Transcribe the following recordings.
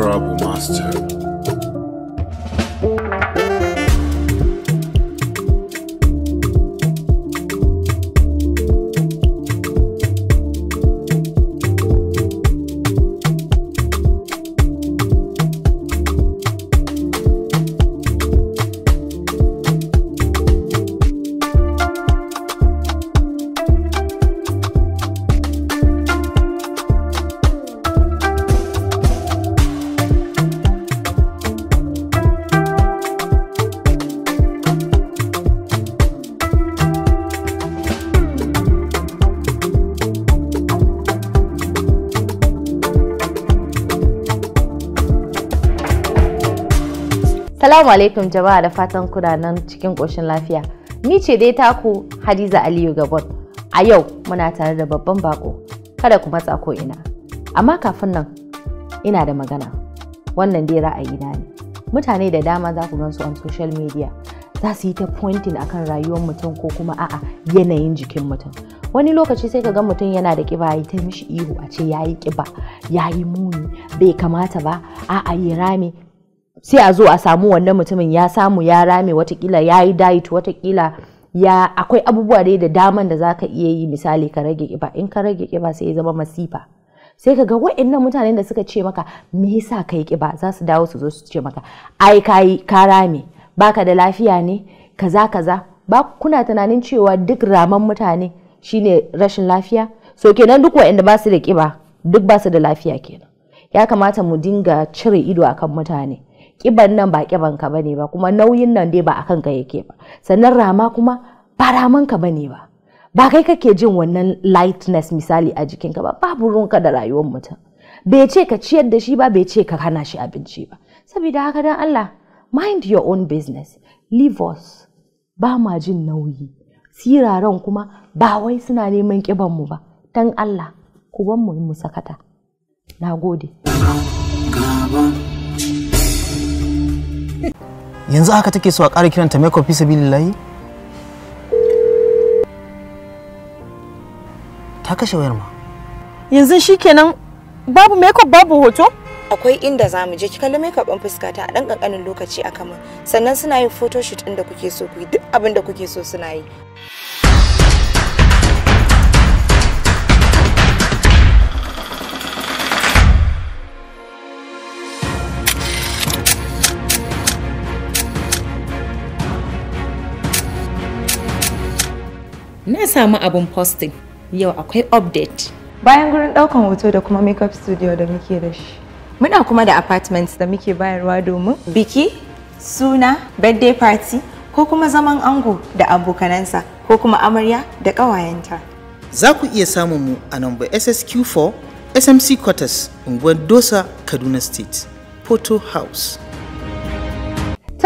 Honorable Master. Assalamu alaikum jama'a da fatan kuna nan cikin ƙoshin lafiya. Ni ce dai taku Hadiza Aliyu Gabon. A yau muna tare da babban bako. Kada ku matsa ko ina. Amma kafin nan ina da magana. Wannan dai na ne. Mutane da dama za ku gan su on social media. Za su yi ta pointing akan rayuwar mutum ko kuma a'a yanayin jikin mutum. wani lokaci sai ka ga mutum yana da kiba ya ta mishi ihu a ce yayi kiba yayi muni bai kamata ba a'a ya rame sai a zo a samu wannan mutumin ya samu ya rame watakila ya yi diet watakila ya akwai abubuwa dai da daman da za ka iya yi misali ka rage kiba in ka rage kiba sai ya zama masifa sai ka ga wa'annan mutanen da suka ce maka me yasa ka yi kiba za su dawo su zo su ce maka ai yi ka rame baka da lafiya ne kaza kaza ba kuna tunanin cewa duk raman mutane shine rashin lafiya so kenan duk wa'anda ba su da kiba duk ba su da lafiya kenan ya kamata mu dinga cire ido akan mutane kiban nan ba kiban ka bane ba kuma nauyin nan dai ba akan ka yake ba sannan rama kuma ba raman ka bane ba ba kai kake jin wannan lightness misali a jikinka ba babu ruwanka da rayuwar mutum bai ce ka ciyar da shi ba bai ce ka hana shi abinci ba saboda haka dan Allah mind your own business leave us ba ma jin nauyi siraran kuma ba wai suna neman kiban mu ba dan Allah ku ban mu yi sakata nagode on. yanzu haka take so a ƙara kiranta makeup kofi sabilillahi ta kashe wayar ma yanzu shikenan babu makeup babu hoto akwai inda za mu je ki kalli makeup ɗin fuska ta a ɗan ƙanƙanin lokaci a kama sannan suna yin photoshoot ɗin da kuke so ku yi duk abin da kuke so suna yi na samu abin posting yau akwai update bayan gurin daukan hoto da kuma makeup studio da muke da shi muna kuma da apartments da muke bayarwa domin biki suna birthday party ko kuma zaman ango da abokanansa ko kuma amarya da ƙawayenta za ku iya samun mu a number ssq4 smc quarters unguwar dosa kaduna state Photo house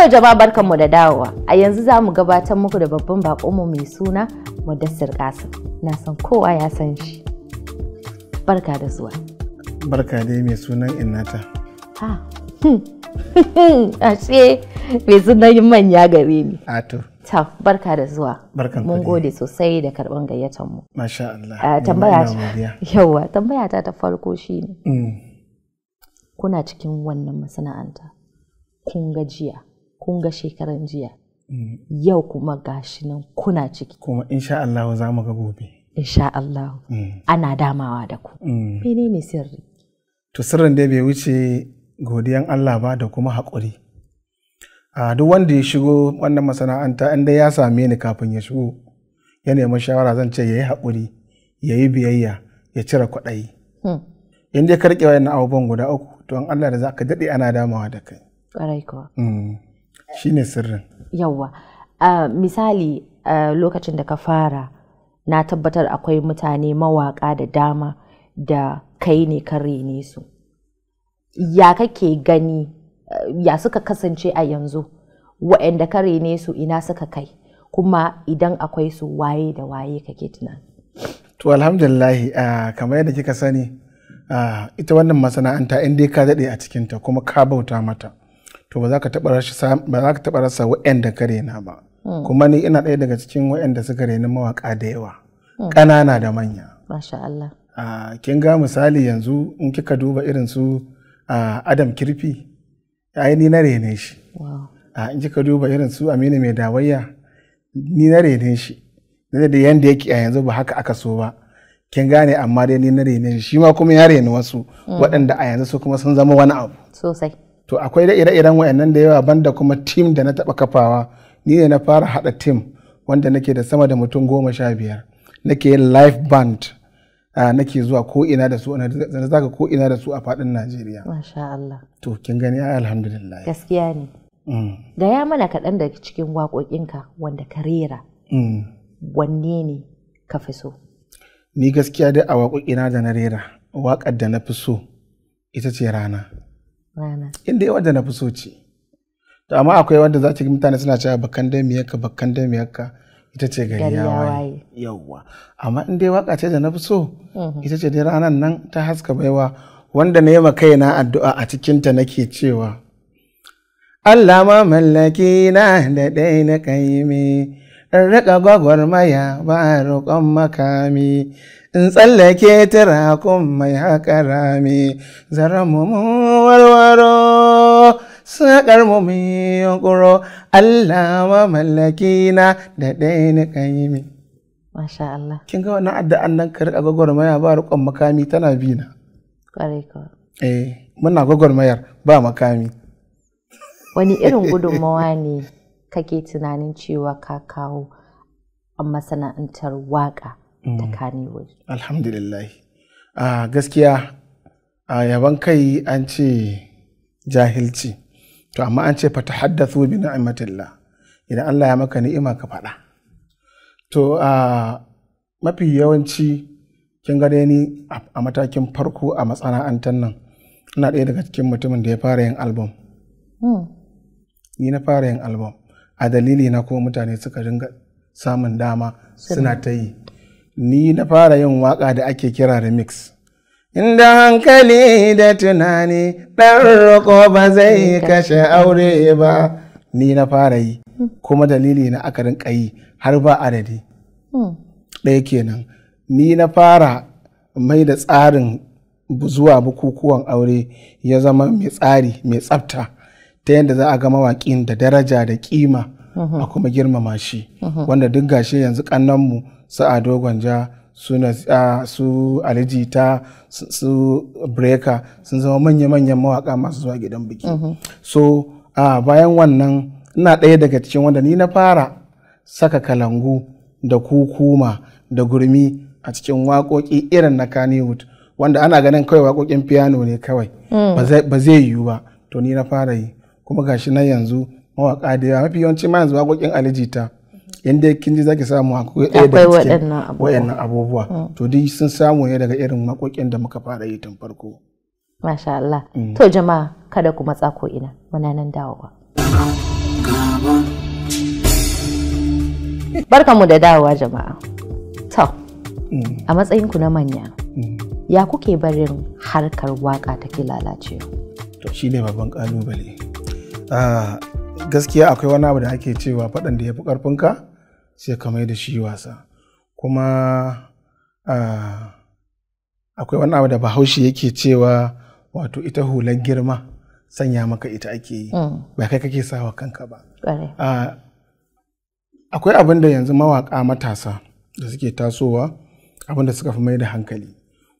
To jama'a barkanmu da dawowa. A yanzu za mu gabatar muku da babban bakonmu mai suna Mudassir Kasim. Na san kowa ya san shi. Barka da zuwa. Barka dai mai sunan Innata. Ha. Hmm, hmm, hmm, ashe mai sunan manya gare ni. Ato. Ta barka da zuwa. Barkan Mun gode sosai da karɓar gayyatanmu mu. Masha Allah. Ah, tambaya Yawa, tambaya ta ta farko shine. Mm. Kuna cikin wannan masana'anta. Kun gajiya. kun ga shekaran jiya mm. yau kuma gashi nan kuna ciki kuma insha Allah za mu ga gobe insha Allah mm. ana damawa da ku mm. menene sirri to sirrin da bai wuce godiyan Allah ba da kuma haƙuri a duk wanda ya shigo wannan masana'anta inda ya same ni kafin ya shigo ya nemi shawara zan ce yayi yi haƙuri ya biyayya ya cire kwaɗayi hmm. in dai karkewa yana abubuwan guda uku to an Allah da za ka daɗe ana damawa da kai shi ne sirrin yawa misali lokacin da ka fara na tabbatar akwai mutane mawaƙa da dama da kai ne kare rene su ya kake gani ya suka kasance a yanzu waɗanda ka rene su ina suka kai kuma idan akwai su waye da waye kake tunani to alhamdulillahi kamar yadda kika sani ita wannan masana'anta in dai ka daɗe a cikinta kuma ka bauta mata to ba za ka taɓa rasa wa'yanda ka rena ba hmm. kuma ni ina ɗaya daga cikin wa'yanda suka reni mawaƙa da yawa hmm. ƙanana da manya masha Allah kin ga misali yanzu in kika duba irin su Adam Kirfi ai ni na rene shi in kika duba irin su Aminu Mai Dawayya ni na rene shi da yanda yake a yanzu ba haka aka so ba kin gane amma dai ni na rene shi ma kuma ya reni wasu hmm. waɗanda a yanzu su kuma sun zama wani abu sosai to akwai da ire-iren wayannan da yawa banda kuma tim da na taɓa kafawa ni ne na fara haɗa tim wanda nake da sama da mutum goma sha biyar nake yin live band ah, nake zuwa ko ina da su na zaka ko ina da su a fadin Najeriya. Masha Allah. To kin gani ai alhamdulillah. Gaskiya ne. Da mm. ya mana kaɗan daga cikin waƙoƙinka wanda ka rera. Mm. Wanne ne ka fi so? Ni gaskiya da a waƙoƙina da na rera waƙar da na fi so ita ce rana. inda yawan da na fi so ce to amma akwai wanda za ta mutane suna cewa bakan damiyarka bakan damiyarka ita ce gari ya amma in dai waka ce da na fi so mm-hmm. ita ce dai ranar nan ta haska baiwa wanda na yi ma kaina addu'a a cikinta nake cewa Allah ma mallaki na da ɗaya na me, in riƙa gwagwarmaya ba roƙon makami in tsallake tirakun mai haƙa rami zaramu mummuwar Sakar mu mai yankuro Allah ma mallaki na da ɗaya na ƙaimi. Masha Allah. Kin ga wannan addu'an nan ka riƙa gwagwarmaya ba riƙon makami tana bi na. Ƙwarai ka. Eh, muna gwagwarmayar ba makami. Wani irin gudunmawa ne kake tunanin cewa ka kawo a masana'antar waƙa ta mm. Kannywood? Alhamdulillah. Ah, gaskiya a ah, yaban kai an ce jahilci to amma an ce fata haddasu bi ni'matillah idan Allah ya maka ni'ima ka faɗa to a mafi yawanci kin dai ni a matakin farko a matsana'antar nan ina ɗaya daga cikin mutumin da ya fara yin album hmm. ni na fara yin album a dalili na kuma mutane suka ringa samun dama suna ta yi ni na fara yin waka da ake kira remix inda hankali da tunani ɗan roƙo ba zai kashe aure ba ni na fara yi kuma dalili na aka rinka yi har ba adadi hmm. ɗaya kenan ni na fara mai da tsarin zuwa bukukuwan aure ya zama mai tsari mai tsafta ta yadda za a ga mawaƙin da daraja da kima a mm-hmm. kuma girmama shi mm-hmm. wanda duk gashi yanzu ƙannanmu Sa'a dogon ja su uh, su alijita su breaker sun zama manya-manyan mawaka masu zuwa gidan biki mm-hmm. so bayan wannan ina ɗaya daga cikin wanda ni na fara saka kalangu da kukuma da gurmi a cikin waƙoƙi irin na kaniwood wanda ana ganin kawai waƙoƙin piano ne kawai mm. ba zai yiwu ba to ni na fara yi kuma gashi na yanzu mawaƙa da yawa mafi yawanci ma yanzu waƙoƙin alijita in dai kin ji zaki samu akwai ɗaya da cikin waɗannan abubuwa mm. to dai sun samu ne daga irin makokin da muka fara yi tun farko masha Allah mm. to jama'a kada ku matsa ko ina muna nan dawowa barkanmu da dawowa jama'a to mm. a matsayin ku na manya ya kuke barin harkar waka take lalacewa to shine babban kalubale ah, gaskiya akwai wani abu da ake cewa faɗan da ya fi ƙarfinka sai ka mai da shi wasa kuma akwai wani abu da bahaushe yake cewa wato ita hular girma sanya maka ita ake yi mm. ba kai kake sawa kanka ba akwai abin da yanzu mawaka matasa da suke tasowa abin da suka fi mai da hankali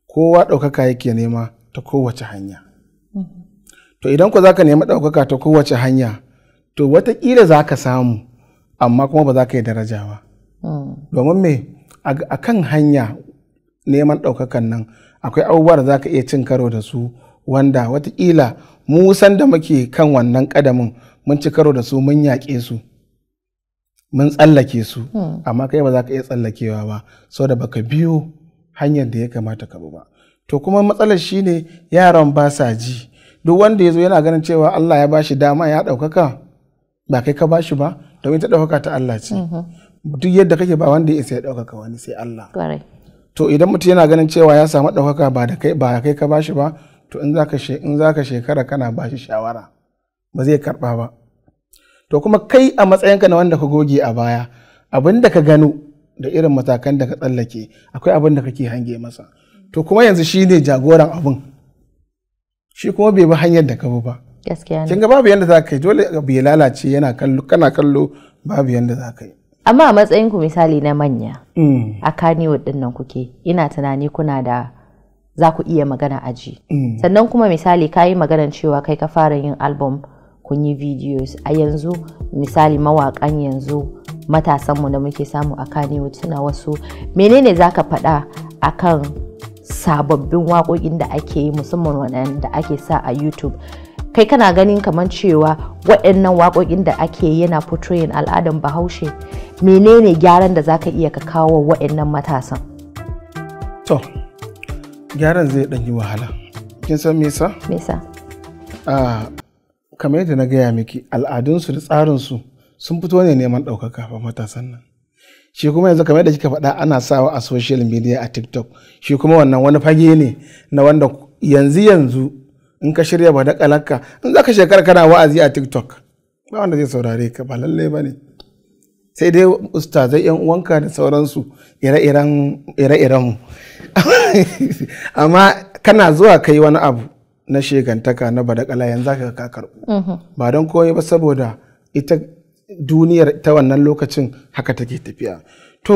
kowa ɗaukaka yake nema ta kowace hanya mm-hmm. to idan ku za ka nema ɗaukaka ta kowace hanya to watakila za ka samu amma kuma ba za ka yi daraja ba hmm. domin me a kan hanya neman ɗaukakan nan akwai abubuwa da za ka iya cin karo da su wanda watakila mu san da muke kan wannan ƙadamin mun ci karo da su mun yaƙe su mun tsallake su hmm. amma kai ba za ka iya tsallakewa ba sau da baka biyo hanyar da ya kamata ka bi ba to kuma matsalar shine yaran ba sa ji duk wanda ya zo yana ganin cewa Allah ya bashi dama ya ɗaukaka ba kai ka bashi ba domin ta ɗaukaka ta Allah ce mm-hmm. duk yadda kake ba wanda ya isa ya ɗaukaka wani sai Allah to idan mutum yana ganin cewa ya samu ɗaukaka ba da kai ba kai ka bashi ba to in zaka in zaka shekara kana bashi shawara ba zai karba ba to kuma kai a matsayinka na wanda ka goge a baya abin da ka gano da irin matakan da ka tsallake akwai abin da kake hange masa to kuma yanzu shine jagoran abin shi kuma bai bi hanyar da ka bi ba gaskiya ne ga babu yanda za ka yi dole bai lalace yana kallo kana kallo babu yanda za ka yi amma a matsayin ku misali na manya mm. a kaniwood din nan kuke ina tunani kuna da za ku iya magana aji mm. sannan kuma misali ka yi maganar cewa kai ka fara yin album kun yi videos a yanzu misali mawakan yanzu matasanmu da muke samu a kaniwood suna wasu menene za ka faɗa kan sababbin waƙoƙin da ake yi musamman da ake sa a youtube kai kana ganin kamar cewa waɗannan waƙoƙin da ake yana portraying al'adan bahaushe menene gyaran da zaka iya ka kawo waɗannan matasan to gyaran zai ɗan yi wahala kin san me yasa me ah kamar yadda na gaya miki al'adunsu da tsarinsu sun fito ne neman ɗaukaka fa matasan nan shi kuma yanzu kamar yadda kika faɗa ana sawa a social media a tiktok shi kuma wannan wani fage ne na wanda yanzu yanzu in ka shirya ba da in za ka shekara kana wa'azi a tiktok ba wanda zai saurare ka ba lallai ba ne sai dai ustazai yan uwanka da sauransu ire-iren mu amma kana zuwa kai wani abu na shegantaka na badakala yanzu ka ka karɓu mhm. ba don komai ba saboda ita duniyar ta wannan lokacin haka take tafiya to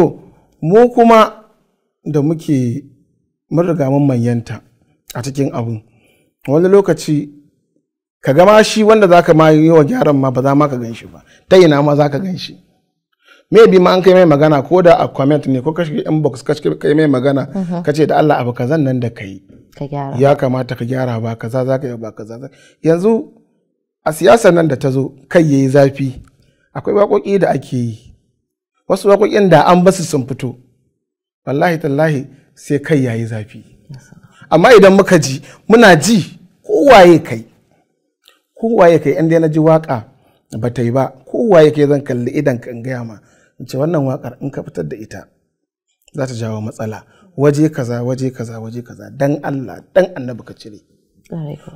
mu kuma da muke mun riga mun manyanta a cikin abun wani lokaci ka gama shi wanda zaka ma yi wa gyaran ma ba za ma ka gan shi ba ta ina ma za ka gan shi maybe ma an kai mai magana ko da a comment ne ko kashe inbox kai mai magana mm-hmm. ka ce da Allah abu kazan nan da kai ya kamata ka gyara ba kaza za ka yi ba kaza yanzu a siyasar nan da ta zo kai yayi zafi akwai waƙoƙi da ake yi wasu waƙoƙin da an basu sun fito wallahi tallahi sai kai yayi zafi amma idan muka ji muna ji kowaye kai kowaye kai inda na ji waka ba ta yi ba kowaye kai zan kalli idan kan gaya ma in ce wannan wakar in ka fitar da ita za ta jawo matsala waje kaza waje kaza waje kaza dan Allah dan annabi ka cire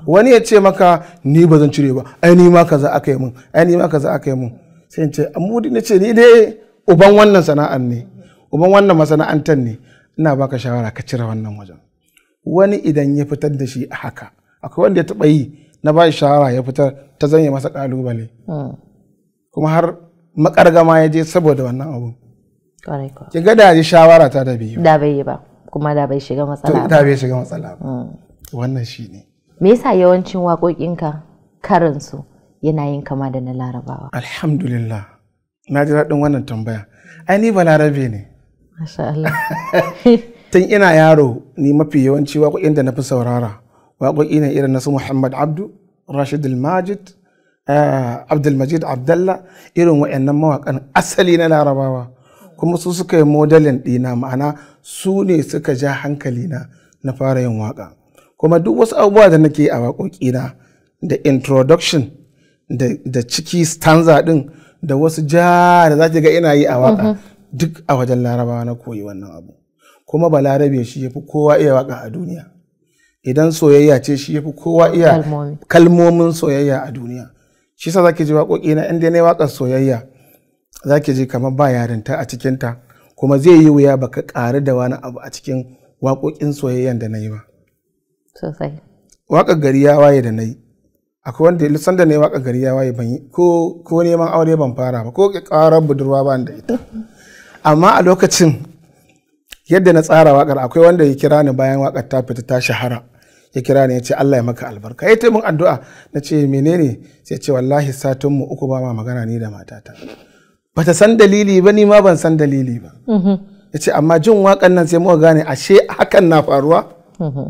wani ya ce maka ni ba zan cire ba ai ni ma kaza aka yi mun ai ni ma kaza aka yi mun sai in ce amudi na ce ni dai uban wannan sana'an ne uban wannan masana'antar ne ina baka shawara ka cire wannan wajen wani idan ya fitar da shi a haka akwai wanda ya taɓa yi na ba shawara ya fitar ta zanye masa ƙalubale hmm. kuma har makargama ya je saboda wannan abun ki ga da shawara ta da biyu da bai yi ba kuma da bai shiga matsala da bai shiga matsala hmm. wannan shi ne me yasa yawancin waƙoƙinka su yana yin kama da na larabawa alhamdulillah na ji daɗin wannan tambaya ai ni ba larabe ne masha Allah tun ina yaro ni mafi yawanci waƙoƙin da na fi saurara waƙoƙi ne irin nasu muhammad abdu rashid eh, majid abdulmajid abdallah irin wa'annan mawakan asali na larabawa kuma su suka yi modelin ɗina ma'ana su ne suka ja hankali na na fara yin waƙa kuma duk wasu abubuwa da nake a waƙoƙina da introduction da ciki stanza ɗin da wasu ja da za ga ina yi a waka, mm-hmm. duk a wajen larabawa na koyi wannan abu kuma balarabe shi ya fi kowa iya waka a duniya idan soyayya ce shi yafi kowa iya kalmomin soyayya a duniya shi sa zaki ji waƙoƙi na inda ne waƙar soyayya zaki ji kamar ba yarinta a cikinta kuma zai yi wuya baka ƙari da wani abu a cikin waƙoƙin soyayyan da na yi ba sosai waƙar gari ya waye da na yi akwai wanda lissan da na yi waƙar gari ya waye ban yi ko ko neman aure ban fara ba ko ƙarar budurwa ba da ita amma a lokacin yadda na tsara waƙar akwai wanda ya kira ni bayan waƙar ta fita ta shahara ya kira ni ya ce Allah ya maka albarka ya taimun addu'a na ce menene sai ce wallahi satunmu mu uku ba ma magana ni da matata ba ta san dalili ba ni ma ban san dalili ba mm-hmm. ya ce amma jin waƙan nan sai muka gane ashe hakan na faruwa mm-hmm.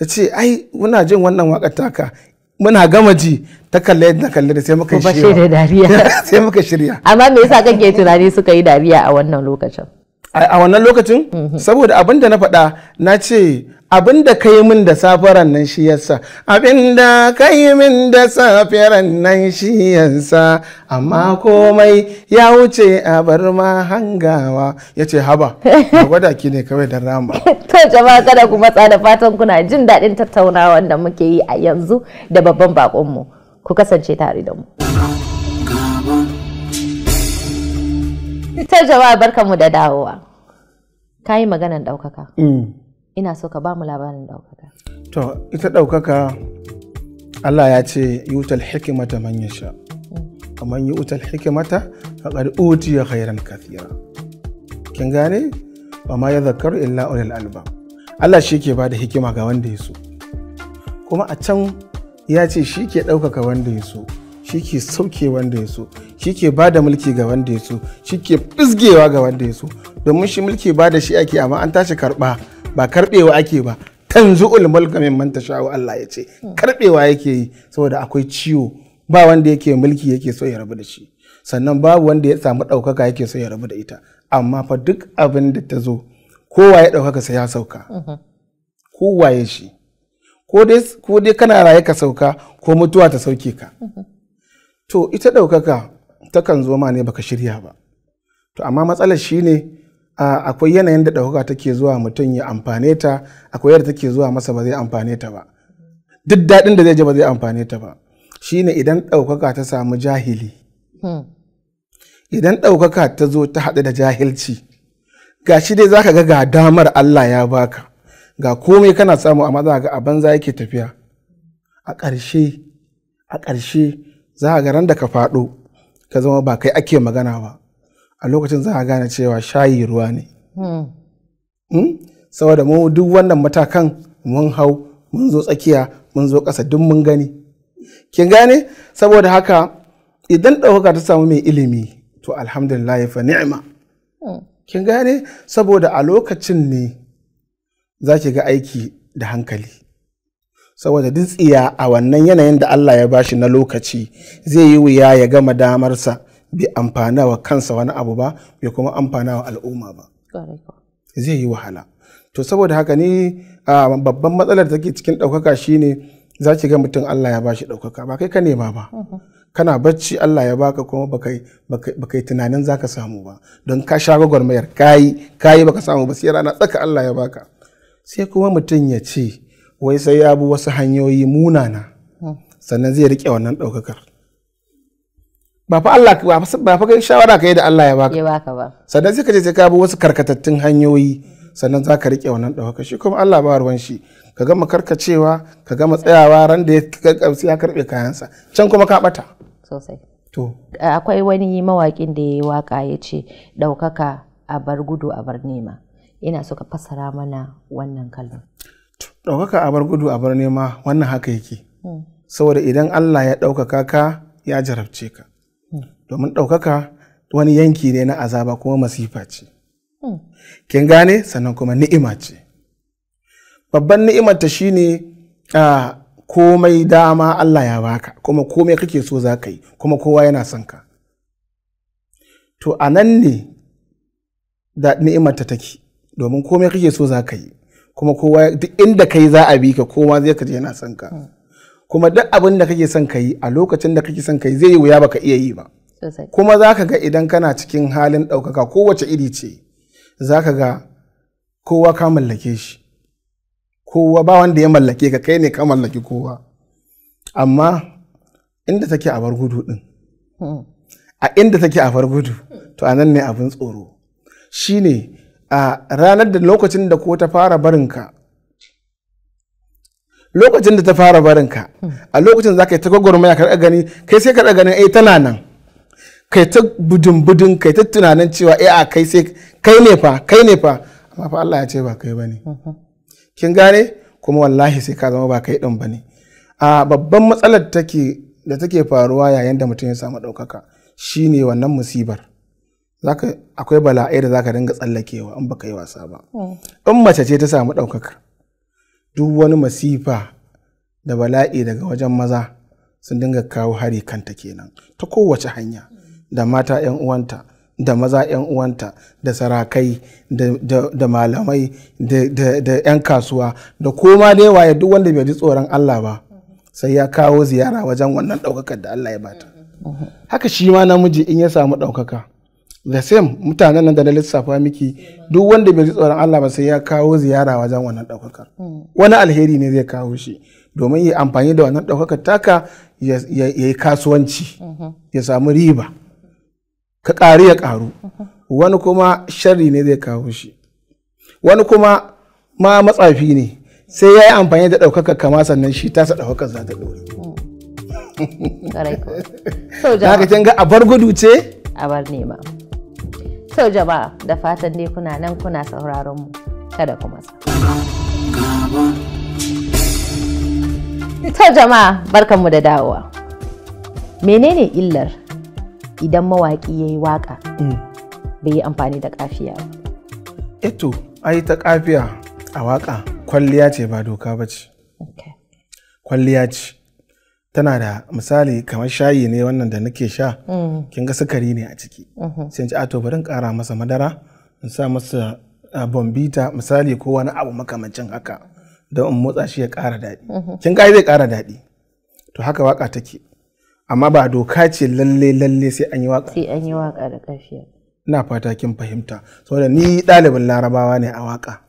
ta ce ai muna jin wannan waƙar taka muna gama ji ta kalle da kalle da sai muka shirya sai muka shirya amma me yasa kake tunani suka yi dariya a wannan lokacin a wannan lokacin mm-hmm. saboda abin da na faɗa na ce abin da ka yi min da safaran nan shi yasa abin da ka yi min da safaran nan shi yasa amma komai ya wuce a bar ma hangawa ya ce haba Ba gwada ki ne kawai da rama to jama'a kada ku matsa da fatan kuna jin daɗin tattaunawa da muke yi a yanzu da babban bakonmu ku kasance tare da mu ta jama'a barkanmu da dawowa ka yi maganan ɗaukaka mm. ina so ka ba mu labarin ɗaukaka. To, ita ɗaukaka Allah ya ce yi wutar hikimata man sha, Kamar mm. wutar hikimata uti ya hairan kafiya. Kin gane? Ba ma ya zakaru illa ulil alba. Allah shi ke ba da hikima ga wanda ya so. Kuma a can ya ce shi ke ɗaukaka wanda ya so. Shi ke sauke wanda ya so. Shi ke ba da mulki ga wanda ya so. Shi ke fisgewa ga wanda ya so. Domin shi mulki ba da shi ake amma an tashi karɓa. ba karbewa ake ba ulmul mulka manta tasha'u Allah ya ce karbewa yake yi saboda akwai ciwo ba wanda yake mulki yake so ya rabu da shi sannan babu wanda ya samu ɗaukaka yake so ya rabu da ita amma fa duk abin da ta zo kowa ya ɗaukaka sai ya sauka mhm. kowa ya shi ko dai kana raye ka sauka ko mutuwa ta sauke ka mhm. to ita ɗaukaka takan zo ma ne baka shirya ba to amma matsalar shine akwai yanayin da ɗaukaka take zuwa mutum ya amfane ta akwai yadda take zuwa masa ba zai amfane ta ba duk daɗin da zai ji ba zai amfane ta ba shine idan ɗaukaka ta samu jahili hmm. idan ɗaukaka ta zo ta haɗu da jahilci ga shi dai zaka ga ga damar Allah ya baka ga komai kana samu amma za ga a banza yake tafiya a ƙarshe a ƙarshe za ga ran da ka faɗo ka zama ba kai ake magana ba a lokacin za a gane cewa shayi ruwa ne hmm. Hmm? saboda mu duk wannan matakan mun hau mun zo tsakiya mun zo ƙasa duk mun gani kin gane saboda haka idan ɗaukaka ta samu mai ilimi to alhamdulillah fa ni'ima hmm. kin gane saboda a lokacin ne za ki ga aiki da hankali saboda duk tsiya a wannan yanayin da Allah ya bashi na lokaci zai yi wuya ya gama damarsa bai amfana wa kansa wani abu ba bai kuma amfana wa al'umma ba zai yi wahala to saboda haka ni babban matsalar da take cikin ɗaukaka shine za ki ga mutum Allah ya bashi ɗaukaka ba kai ka nema ba mhm. kana bacci Allah ya baka kuma baka yi tunanin ka samu ba don ka sha gwagwarmayar kayi kayi baka samu ba sai rana tsaka Allah ya baka sai kuma mutum ya ce wai sai ya bi wasu hanyoyi munana mhm. sannan zai riƙe wannan ɗaukakar ba fa Allah ba fa kai shawara kai da Allah ya baka ya baka ba sannan sai ka je sai ka bi wasu karkatattun hanyoyi sannan za ka rike wannan dauka shi kuma Allah ba ruwan shi ka gama karkacewa ka gama tsayawa ran da ya kamsi ya karbe kayansa can kuma ka bata sosai to akwai wani mawakin da ya waka ya ce ɗaukaka a bar gudu a bar nema ina so ka fasara mana wannan kalmar ɗaukaka a bar gudu a bar nema wannan haka yake hmm. saboda idan Allah ya daukaka ka ya jarabce ka domin ɗaukaka wani yanki ne na azaba kuma masifa ce hmm. kin gane sannan kuma ni'ima ce babban ni'imar ta shine a komai dama Allah ya baka kuma komai kake so za ka yi kuma kowa yana son ka to a nan ne da ni'imar ta take domin komai kake so za ka yi kuma kowa duk inda kai za a bi ka kowa zai ka yana son ka hmm. kuma duk abin da kake son ka yi a lokacin da kake son ka yi zai yi wuya baka iya yi ba kuma za ka ga idan kana cikin halin ɗaukaka kowace iri ce za ka ga kowa ka mallake shi kowa ba wanda ya mallake ka kai ne ka mallaki kowa amma inda take a bar gudu din hmm. a inda take a bar gudu to anan ne abin tsoro shi ne a ranar da lokacin da ko ta fara barinka lokacin da ta fara barinka hmm. a lokacin za ka yi ta gwagwarmaya ka gani kai sai ka gani ai eh, tana nan kai ta budin-budin kai ta tunanin cewa eh, a kai sai kai ne fa kai ne fa amma fa Allah ya ce ba kai bane kin gane kuma wallahi sai ka zama ba kai din bane a babban matsalar take da take faruwa yayin da mutum ya samu ɗaukaka shine wannan musibar zaka akwai bala'ai da zaka dinga tsallakewa in baka yi wasa ba in mace ce ta samu ɗaukaka duk wani masifa da bala'i daga wajen maza sun dinga kawo hari kanta kenan ta kowace hanya da mata 'yan uwanta da maza 'yan uwanta da sarakai da malamai da 'yan kasuwa da koma da yawa ya duk wanda bai ji tsoron Allah ba sai ya kawo ziyara wajen wannan ɗaukakar da Allah ya bata haka shi ma namiji in ya samu ɗaukaka the same mutanen nan da na lissafa miki duk wanda bai ji tsoron Allah ba sai ya kawo ziyara wajen wannan ɗaukakar wani alheri ne zai kawo shi domin ya amfani da wannan ɗaukakar taka ya yi kasuwanci ya samu riba ka ƙari ya ƙaru wani kuma sharri ne zai kawo shi wani kuma ma matsafi ne sai ya yi amfani da ɗaukaka kama sannan shi tasa ɗaukakar za ta ɗore. Mm. Haka kin ga a bar gudu ce? A bar nema. Sau jama'a da fatan dai kuna nan kuna sauraron mu kada kuma sa. Sau jama'a barkanmu da dawowa. Menene illar idan mawaƙi ya yi waƙa mm. bai yi amfani da kafiya ba. Eto, ai ta kafiya a waƙa kwalliya ce ba doka ba ce. Kwalliya ce. Tana da misali kamar shayi ne wannan da nake sha, mm. kin ga sukari ne a ciki. Mm-hmm. Sai ci ato bari kara ƙara masa madara, in sa masa bombita misali ko wani abu makamancin haka. Don in motsa shi ya ƙara daɗi. Mm-hmm. Kin ga zai ƙara daɗi. To haka waƙa take. amma ba doka ce lalle lalle sai an yi waka sai an yi waka da kafiya ina fata kin fahimta saboda ni dalibin larabawa ne a waka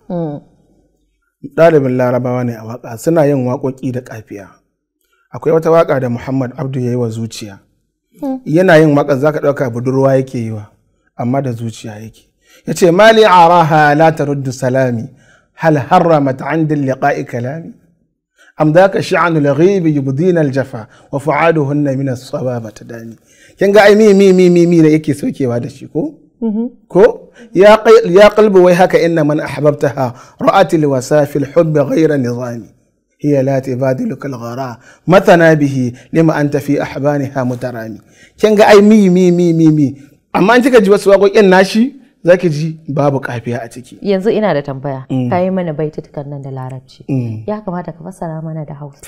dalibin hmm. larabawa ne a waka suna yin waƙoƙi da kafiya akwai wata waka da muhammad abdu yayi wa zuciya hmm. yana yin waƙar zaka ɗauka budurwa yake yi wa amma da zuciya yake yace mali araha la taruddu salami hal harramat 'inda liqa'i kalami am da ka sha'anu laghibi yubdina aljafa wa fu'aduhunna min as-sababa tadani kin ga ai mi mi mi mi mi da yake sokewa da shi ko ko ya qalbu wai haka inna man ahbabtaha ra'at alwasafi alhubb ghayra nizami hiya la tibadiluka alghara mathana bihi lima anta fi ahbaniha mutarami kin ga ai mi mi mi mi amma an kika ji wasu waƙoƙin nashi zaki ji babu kafiya a ciki yanzu ina da tambaya mm. ka yi mana baitutukan nan da larabci mm. ya kamata ka fassara mana da hausa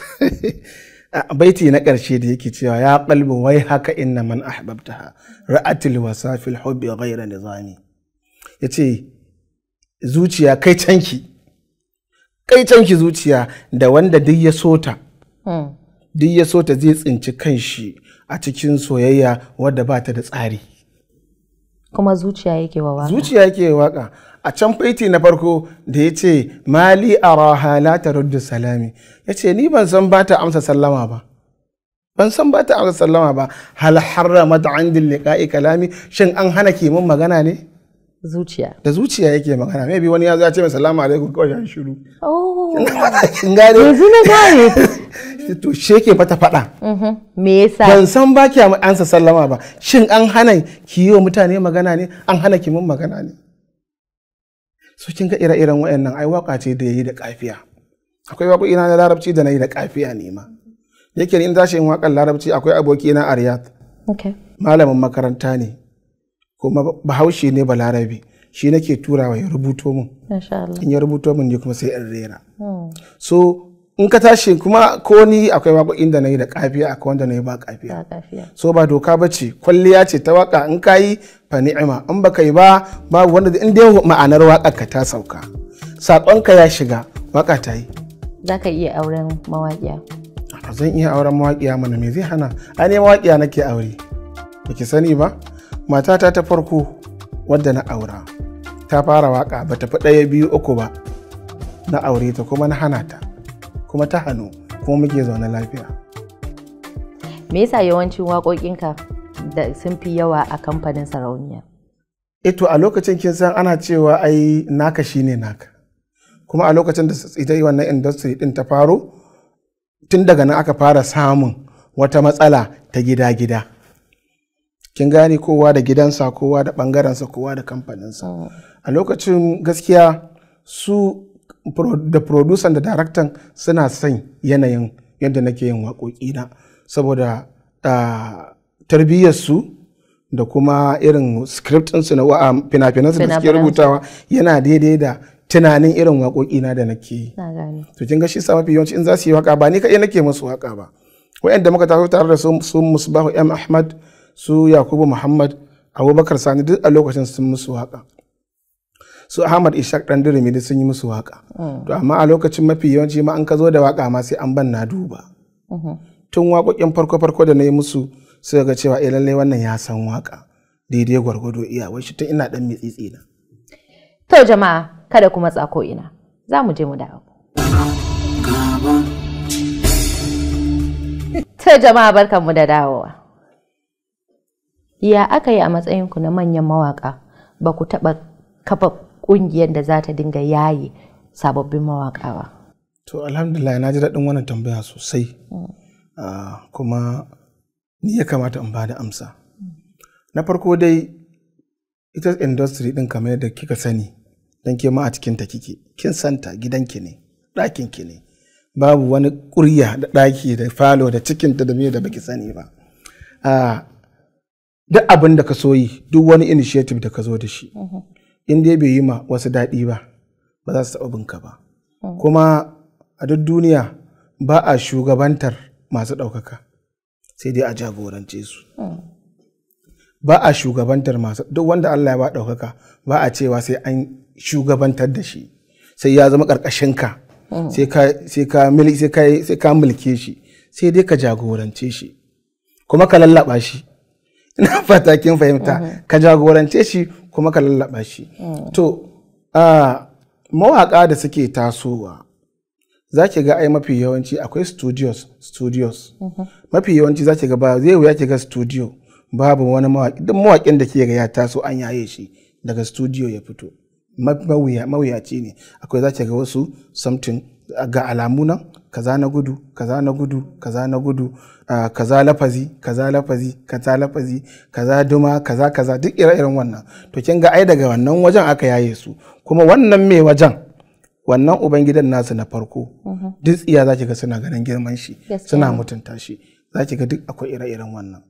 baiti na ƙarshe da yake cewa ya qalbu wai haka inna man ahbabtaha ra'atul wasafil hubbi ghayra nizami yace zuciya kai canki kai canki zuciya da wanda duk ya sota hmm. duk ya sota zai tsinci kanshi a cikin soyayya wadda ba ta da tsari kuma zuciya yake wa waka zuciya yake wa waka a can faiti na farko da ya ce mali a rahala ta taruddu salami ya ce ni ban san ba ta amsa sallama ba ban san ba ta amsa sallama ba hal harra da an liqa'i kalami shin an hana ke mun magana ne zuciya da zuciya yake magana maybe wani ya zo ya ce mai salamu alaikum kawai ya shiru oh yanzu na gane to she ke mata faɗa mm-hmm. me yasa ban san ba ki ansa sallama ba shin an hana ki yi wa mutane magana ne an hana ki mun magana ne so kin ga ire-iren wayannan ai waka ce da yayi da kafiya akwai waka ina na larabci da nayi da kafiya ne ma yake in zashi yin wakan larabci akwai aboki na Okay. malamin makaranta ne kuma bahaushe ne balarabi shi nake turawa ya rubuto mun in ya rubuto mun ne kuma sai in rera hmm. so in ka tashi kuma ko ni akwai wako da na yi da kafiya akwai wanda na yi ba kafiya so ba doka ba ce kwalliya ce ta waka in ka yi fa ni'ima in ba yi ba babu wanda in dai ma'anar waka ka ta sauka saƙonka ya shiga waka ta yi za ka iya auren mawaƙiya zan iya auren mawaƙiya mana me zai hana An yi mawaƙiya nake aure baki sani ba matata ta farko wadda na aura ta fara waka ta fi ɗaya biyu uku ba na aure ta kuma na hana ta kuma ta hannu kuma muke zaune lafiya me yasa yawancin waƙoƙinka da sun fi yawa a kamfanin sarauniya eto eh a lokacin kin san ana cewa ai naka shine naka kuma a lokacin da ita wannan industry din ta faro tun daga nan aka fara samun wata matsala ta gida-gida kin gane kowa da gidansa kowa da bangarensa kowa da kamfaninsa oh. a lokacin gaskiya su da producer da director suna son yanayin yadda nake yin waƙoƙina saboda tarbiyyarsu da kuma irin scriptinsu na fina-finansu da suke rubutawa yana daidai da tunanin irin waƙoƙina da nake yi. To kin ga shi sa mafi yawanci in za su yi waƙa ba ni kaɗai nake musu waƙa ba. Wa'yanda muka taso tare da su su Musbahu M Ahmad su Yakubu Muhammad Abubakar Sani duk a lokacin sun musu waƙa. su Ahmad Ishaq dan Durumi duk sun yi musu waka to amma a lokacin mafi yawanci ma an ka zo da waka ma sai an ban na duba tun waƙoƙin farko farko da na yi musu sai ga cewa eh lallai wannan ya san waka daidai gwargwado iya wai shi tun ina dan mitsitsi na to jama'a kada kuma tsako ina za mu je mu dawo to jama'a barkanmu da dawowa ya aka yi a matsayinku na manyan mawaka ba ku taɓa kafa kungiyar da za ta dinga yaye sababbin mawaka ba to alhamdulillah na ji daɗin wannan tambaya sosai mm. ah, kuma ni ya kamata in da amsa na farko dai ita industry ɗin kamar yadda kika sani don ke ma a cikin ta kike kin santa gidanki ne ɗakin ki ne babu wani ƙurya da ɗaki da falo da cikin ta da me da baki sani ba ah, duk abin da ka so yi duk wani initiative da ka zo da shi mm-hmm. in dai bai yi ma wasu daɗi ba ba za su taɓa binka ba hmm. kuma a duk duniya ba a shugabantar masu ɗaukaka sai dai a jagorance su hmm. ba a shugabantar masu duk wanda Allah ya ba ɗaukaka ba a cewa sai an shugabantar da shi sai ya zama ƙarƙashinka hmm. sai ka mulke shi sai dai ka jagorance shi kuma ka lallaɓa shi ina fata kin fahimta ka jagorance shi kuma ka lallaba shi mm. to mawaƙa da suke tasowa za ki ga ai mafi yawanci akwai studios studios mm-hmm. mafi yawanci za ki ga ba zai wuya ki ga studio babu wani mawaƙi duk mawaƙin da ke ga ya taso an yaye shi daga studio ya fito mawuyaci ne akwai za ga wasu something ga alamu nan kaza na gudu kaza na gudu kaza na gudu ah, kaza lafazi kaza lafazi kaza lafazi kaza duma kaza kaza duk ire-iren wannan to kin ga ai daga wannan wajen aka yaye su kuma wannan mai wajen wannan ubangidan nasu na farko mm-hmm. duk tsiya za ki ga suna ganin girman shi suna mutunta shi za ki ga duk akwai ire-iren wannan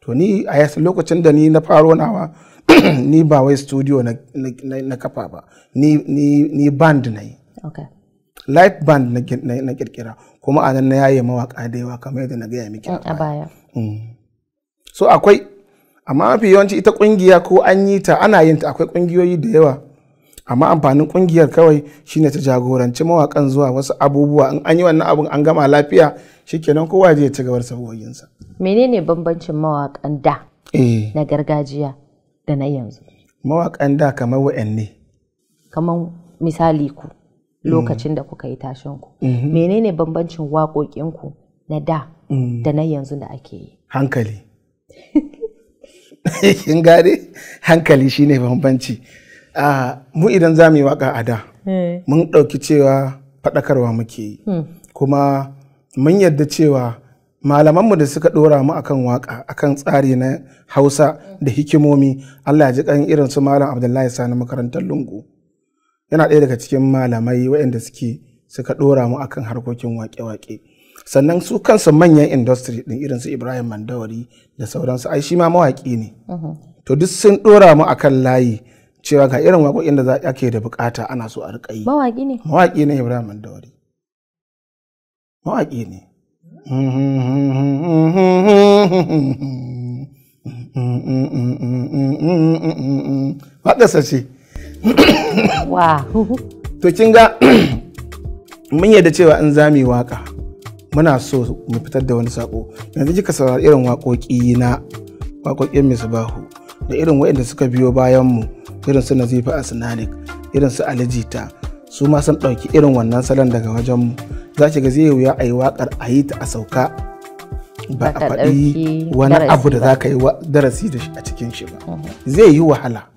to ni a yasa lokacin da ni na faro nawa ni ba wai studio na kafa ba ni band na yi light band na kirkira kuma a nan na yaye mawaka da yawa kamar yadda na gaya miki mm, a baya mm. so akwai amma mafi yawanci ita kungiya ko an yi ta ana yin ta akwai kungiyoyi da yawa amma amfanin kungiyar kawai shine ta jagoranci mawakan zuwa wasu abubuwa in an yi wannan abun an gama lafiya shikenan kowa zai ci gabar saboginsa menene bambancin mawakan da eh. na gargajiya da na yanzu mawakan da kamar wa'anne kamar misali ku Mm. lokacin da kuka yi ku. Mm-hmm. menene bambancin waƙoƙinku na da mm. da na yanzu da ake yi hankali kin gane hankali shine bambanci ah, mu idan za mu yi waka a da eh. mun ɗauki cewa faɗakarwa muke yi hmm. kuma mun yarda cewa malamanmu da suka ɗora mu akan waka akan tsari na hausa da hikimomi allah ya ji irin su malam abdullahi sani makarantar lungu yana ɗaya daga cikin malamai waɗanda suke suka ɗora mu akan harkokin waƙe-waƙe sannan su kansa manyan industry ɗin irin su ibrahim mandawari da sauransu ai shi ma mawaƙi ne mm-hmm. to duk sun ɗora mu akan layi cewa ga irin waƙoƙin da za ake da buƙata ana so a riƙa yi mawaƙi ne mawaƙi ne ibrahim mandawari mawaƙi ne waƙarsa ce to kin ga mun yadda cewa in za mu yi waka muna so mu fitar da wani sako yanzu kika saurari irin waƙoƙi na waƙoƙin misbahu da irin waɗanda suka biyo bayan mu irin su nazifa asnanik irin su alijita su ma sun ɗauki irin wannan salon daga wajen mu za ki ga zai wuya a yi waƙar a yi ta a sauka ba a faɗi wani abu da za ka yi darasi da shi a cikin shi ba zai yi wahala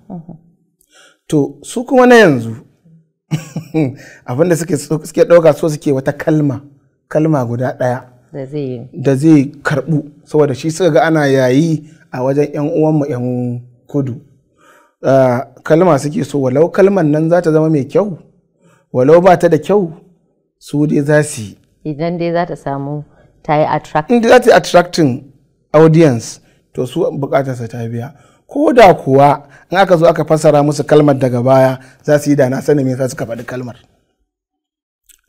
to su kuma na yanzu abinda suke suke ɗauka so suke wata kalma kalma guda ɗaya da zai karɓu saboda shi suka ga ana yayi a wajen 'yan uwanmu 'yan kudu ah, kalma suke so walau kalman nan za ta zama mai kyau walau ba ta da kyau su dai za su yi idan dai za ta samu ta yi attracting audience to su bukatarsa ta biya ko da kuwa in aka zo aka fassara musu kalmar daga baya za su yi da na sanin me yasa suka faɗi kalmar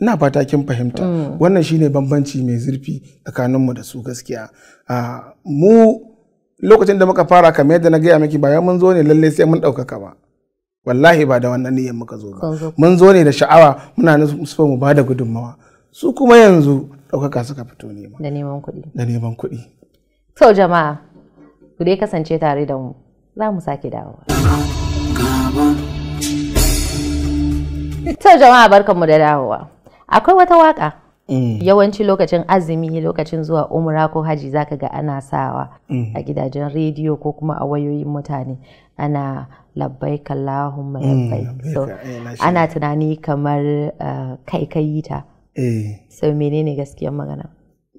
ina fata kin fahimta mm. wannan shine bambanci mai zurfi tsakaninmu da su gaskiya mu lokacin da muka fara kamar yadda na gaya miki bayan mun zo ne lalle sai mun ɗaukaka ba wallahi ba da wannan niyyar muka zo ba mun zo ne da sha'awa muna nufin mu ba da gudunmawa su kuma yanzu ɗaukaka suka fito nema da neman kuɗi da neman kuɗi to jama'a ku dai kasance tare da mu za mu sake dawowa. To jama'a barkanmu da dawowa. Akwai wata waka mm. yawanci lokacin azumi lokacin zuwa umra ko haji zaka ga ana sawa mm. a gidajen rediyo ko kuma a wayoyin mutane ana labbai Allahumma mm, labbai. Eh, ana tunani kamar eh, kai kai ta. Eh. Sau menene gaskiyar magana?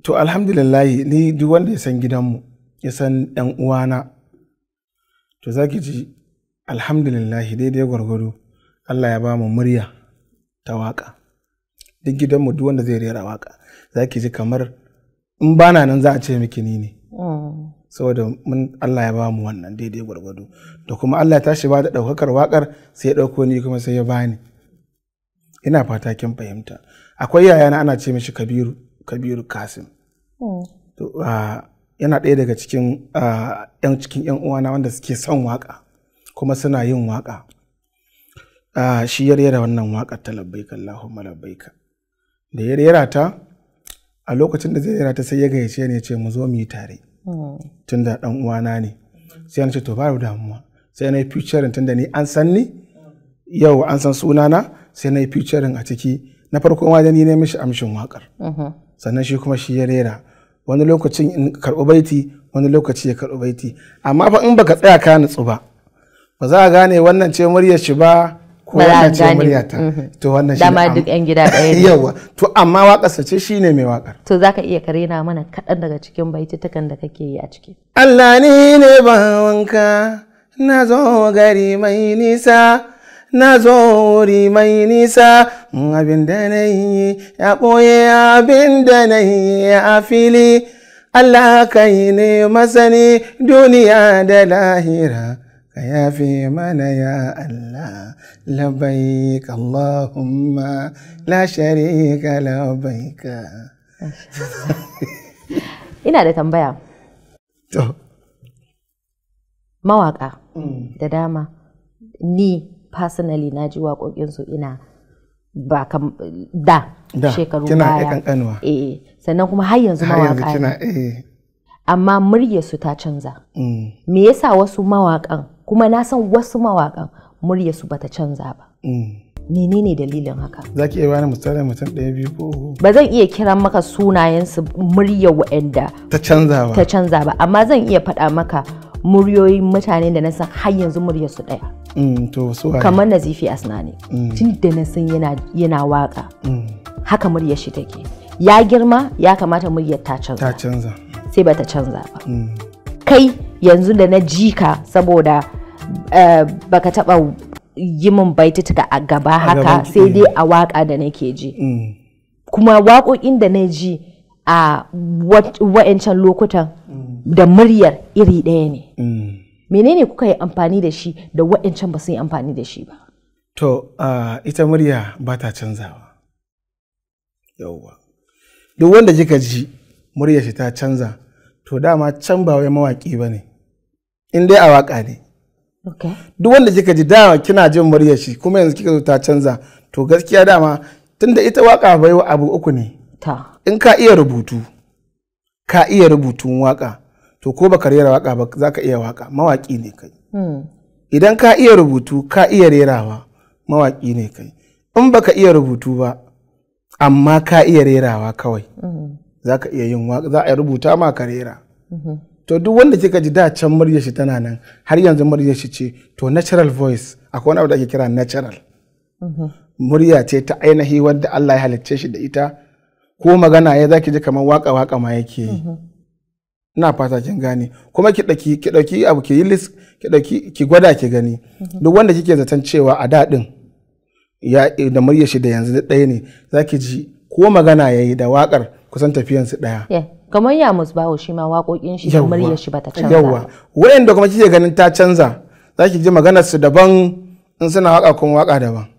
To alhamdulillahi ni duk wanda ya san gidanmu ya san 'yan uwana to za ki ji alhamdulillahi daidai gwargwado Allah ya ba mu murya ta waka duk gidanmu duk wanda zai rera waka za ki ji kamar in bana nan za a ce miki ni ne hmm. saboda mun Allah ya ba mu wannan daidai gwargwado da kuma Allah ya tashi ba da ɗaukakar wakar sai ya ɗauko ni kuma sai ya bani ina fata kin fahimta akwai yayana ana ce mishi kabiru kabiru kasim hmm. ah, yana ɗaya daga cikin yan ah, cikin yan uwana wanda suke son waka kuma suna yin waka ah, shi ya rera wannan waƙar ta labbaika Allahumma labbaika da ya rera ta a lokacin da zai rera ta sai ya gayyace ne ce mu zo mu yi tare hmm. tunda dan uwana ne sai na ce to ba damuwa sai na yi tunda ni an san ni yau an san sunana sai na yi a ciki na farko ma ni ne mishi amshin wakar mm-hmm. sannan shi kuma shi ya rera wani lokacin in karɓi baiti wani lokaci ya karɓi baiti amma fa in baka tsaya ka nutsu ba ba za a gane wannan ce muryar shi ba ko wannan ce muryar ta mhm. to wannan shi dama duk yan gida ɗaya ne yawa to amma waƙar ce shine mai waƙar to zaka iya karena mana kaɗan daga cikin baitutukan da kake yi a ciki Allah ne ne bawanka na zo gari mai nisa na zo wuri mai nisa abin da na yi ya ɓoye abin da na yi a fili Allah ka yi ne masani duniya da lahira ka yafe mana ya Allah labai Allahumma la sharika ka. ina da tambaya mawaka mm. da dama ni personally na ji waƙoƙinsu ina ba kam da, shekaru baya eh sannan kuma har yanzu mawaƙa ne eh. amma muryarsu ta canza mm. me yasa wasu mawaƙan kuma na san wasu mawaƙan muryarsu bata canza ba mm. menene dalilin haka za ki iya bani misalin mutum ɗaya biyu ko ba zan iya kiran maka sunayensu murya wa'anda ta canza ba ta canza ba amma zan iya faɗa maka muryoyin mutane da na san har yanzu murya mm, su daya kamar nazifi asnani mm. tun da na san yana waƙa. Mm. haka murya shi take ya girma ya kamata murya ta canza sai ba ta canza ba kai yanzu da na ji ka saboda eh, baka taɓa yi min baititika a gaba haka sai dai a waƙa da nake ji kuma waƙoƙin da na ji a wa'ancan lokutan da muryar iri ɗaya ne mm. menene kuka yi amfani da shi da waɗancan ba su yi amfani da shi ba to ita murya ba ta canzawa yauwa duk wanda kika ji murya shi ta canza to dama can ba wai mawaƙi ba ne in dai a waƙa ne duk wanda kika ji dama kina jin murya shi kuma yanzu kika zo ta canza to gaskiya dama tunda ita waƙa bai abu uku ne in ka iya rubutu ka iya rubutun waƙa to ko baka rera waka ba za ka iya waka mawaki ne kai hmm. idan ka iya rubutu ka iya rerawa mawaki ne kai in ba ka iya rubutu ba amma ka iya rerawa kawai hmm. za ka iya yin waka za a rubuta ma ka rera hmm. to duk wanda kika ji da can murya shi tana nan har yanzu murya shi ce to natural voice akwai wani abu da ake kira natural murya ce ta ainihi wadda Allah ya halicce shi da ita ko magana ya zaki ji kamar waka waka ma yake yi ina fata kin gane kuma ki daki ki dauki abu ki yi list ki daki ki gwada ki gani duk wanda kike zaton cewa a dadin ya da murya shi da yanzu ɗaya ne zaki ji ko magana yayi da wakar kusan tafiyan su daya kamar ya musbahu shi ma waƙoƙin shi da murya shi bata canza yawa wayanda kuma kike ganin ta canza zaki ji maganar su daban in suna waka kuma waka daban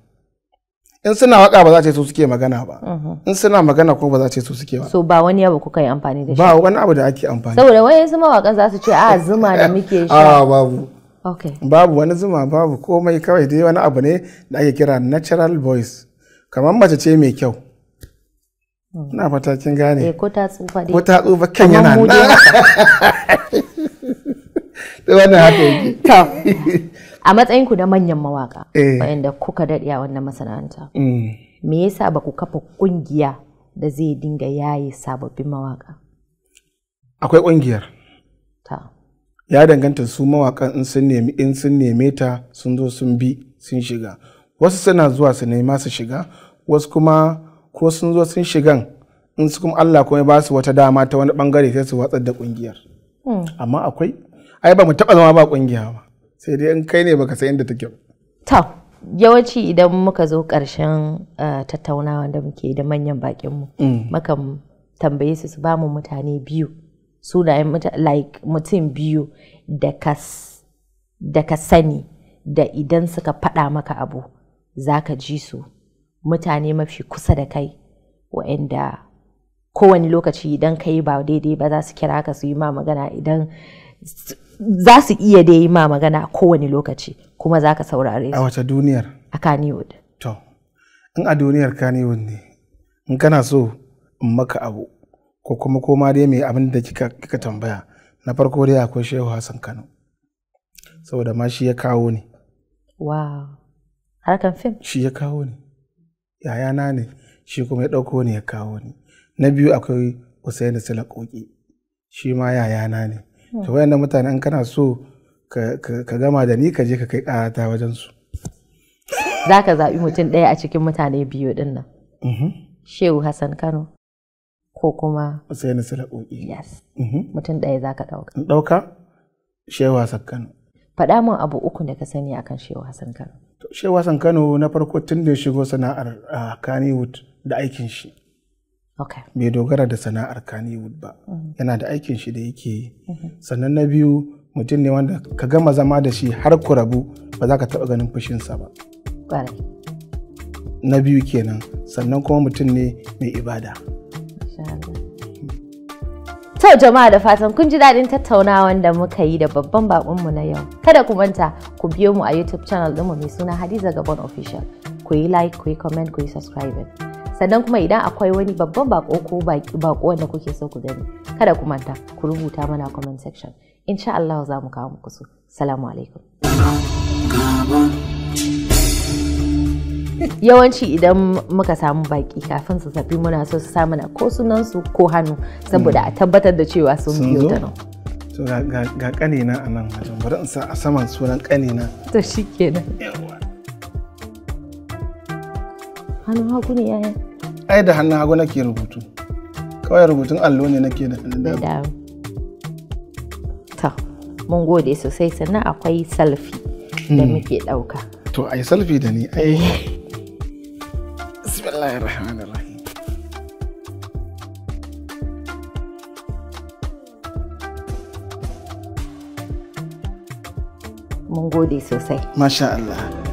in suna waka ba za ce su suke magana ba uh-huh. in suna magana ko ba za ce su suke ba so ba wani abu kuka yi amfani da shi ba wani abu da ake amfani saboda wani zuma waka za su ce a ah, zuma da muke sha a ah, babu okay babu wani zuma babu komai kawai dai wani abu ne da ake kira natural voice kamar mace ce mai kyau hmm. na fata kin gane eh, ko ta tsufa dai ko ta tsufa kan yana nan wannan haka yake a matsayin ku da manyan mawaka eh. da kuka daɗe a wannan masana'anta mm. me yasa ba ku kafa kungiya da zai dinga yaye sababbin mawaka akwai kungiyar ta ya danganta su mawakan in sun nemi in sun neme ta sun zo sun bi sun shiga wasu suna zuwa su nema su shiga wasu kuma ko sun zo sun shigan in su kuma Allah kuma ba su wata dama ta wani bangare sai su watsar da kungiyar hmm. amma akwai ai ba mu taba zama ba kungiya ba sai dai in kai ne baka san inda take to yawanci idan muka zo ƙarshen eh, tattaunawa da muke da manyan bakinmu mm. mukan tambaye su su bamu mutane biyu sunayen like mutum biyu da ka sani da idan suka faɗa maka abu za ka ji su mutane mafi kusa da kai wa'anda kowane lokaci idan ka yi ba daidai ba za su kira ka su yi ma magana idan za su iya da yi ma magana kowane lokaci kuma za ka saurare su. A wace duniyar? A Kannywood. To, in a duniyar Kannywood ne, in kana so in maka abu ko kuma koma dai mai abin da kika tambaya na farko dai akwai Shehu Hassan Kano. Saboda ma shi ya kawo ni. Wow. Harkan fim? Shi ya kawo ni. Yayana ne, shi kuma ya ɗauko ni ya kawo ni. Na biyu akwai Usaini Sulakoki. Shi ma yayana ne. Hmm. to wayannan mutane an kana so ka gama da ni ka je ka kai karata wajen su za ka zaɓi mutum ɗaya a cikin mutane biyu ɗin nan mm-hmm. shehu hassan kano ko kuma sai na salakoki yes mm-hmm. mutum ɗaya za ka ɗauka ɗauka shehu hassan kano faɗa min abu uku da ka sani akan shehu hassan kano shehu hassan kano na farko tun da shigo sana'ar ah, kannywood da aikin shi bai dogara da sana'ar kaniwood ba mm-hmm. yana da aikin shi da yake yi mm-hmm. sannan na biyu mutum ne wanda ka gama zama da shi har ku rabu ba za ka taɓa ganin fushinsa ba na biyu kenan sannan kuma mutum ne mai ibada To jama'a da fatan kun ji daɗin tattaunawan da muka yi da babban baƙonmu na yau. Kada ku manta ku biyo mu a YouTube channel ɗinmu mai suna Hadiza Gabon Official. Ku yi like, ku yi comment, ku yi subscribe. sannan kuma idan akwai wani babban bako ko bako wanda kuke so ku gani kada ku manta ku rubuta mana comment section insha Allah za mu kawo muku su salamu alaikum yawanci idan muka samu baki kafin su tafi muna so su samu na ko sunansu ko hannu saboda a tabbatar da cewa sun biyo ta nan ga kanina a nan bari in sa a saman sunan kanina to shikenan yawa Hannun hagu ne yayin Ai da hannun hagu nake rubutu. Kawai rubutun allo ne nake da hannun Ta, mun gode sosai sannan akwai salfi da hmm. muke ɗauka. To, ai salfi da ni ai. Eh. mun gode sosai. Masha Allah.